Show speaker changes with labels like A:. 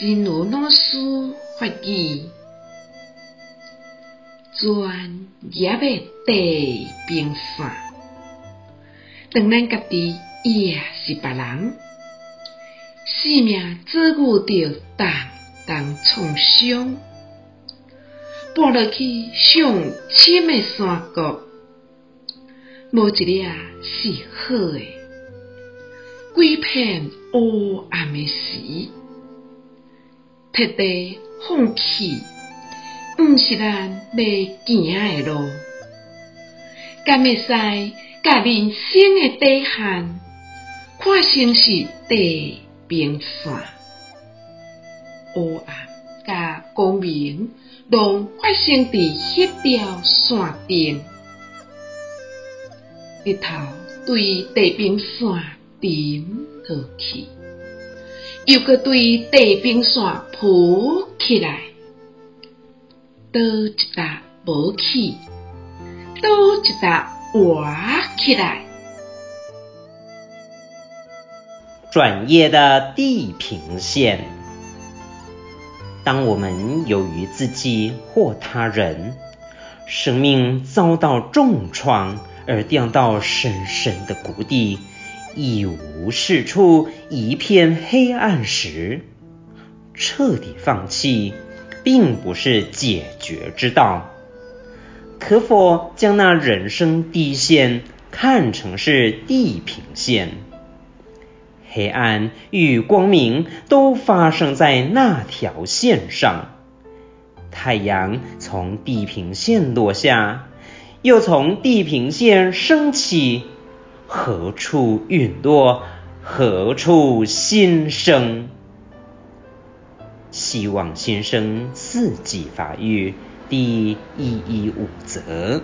A: 真如老師法語，轉業的地平線，當咱家己也是別人，生命只顧着當當創傷，搬落去上深的山谷，無一粒是好誒，歸盼烏暗的徹底放棄，毋、嗯、是咱要行的路。甲袂使甲人生的底限，看成是地平線。烏暗甲光明，攏發生佇迄條線頂，日頭對地平線頂落去。有個對地平線鋪起來，多幾大武器，都知道我起來。
B: 轉業的地平線。當我們由於自己或他人生命遭到重創而掉到深深的谷底，一無是處，一片黑暗時，徹底放棄並不是解決之道。可否將那人生低限看成是地平線？黑暗與光明都發生在那條線上。太陽從地平線落下，又從地平線升起。何處隕落，何處新生？希望新生四季法語。第一一五則。